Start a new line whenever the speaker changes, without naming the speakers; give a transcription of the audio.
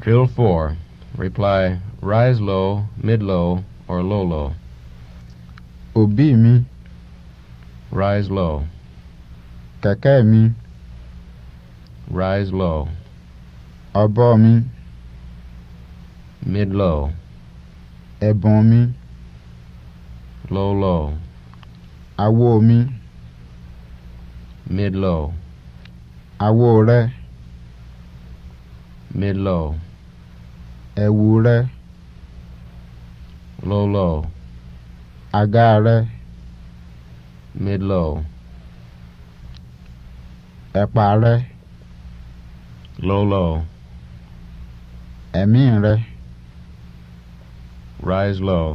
Drill 4. Reply rise low, mid low, or low low.
Òbí mi. Rise low. Kakami. mi. Rise low. Ọ̀bọ mi. Mid low. Ẹ̀bùn mi. Low low. Àwo mi. Mid low. Àwo rẹ. Mid low ẹ̀wù rẹ̀ low low àga rẹ̀ mid low ẹ̀pà rẹ̀ low low ẹ̀mí rẹ̀ rise low.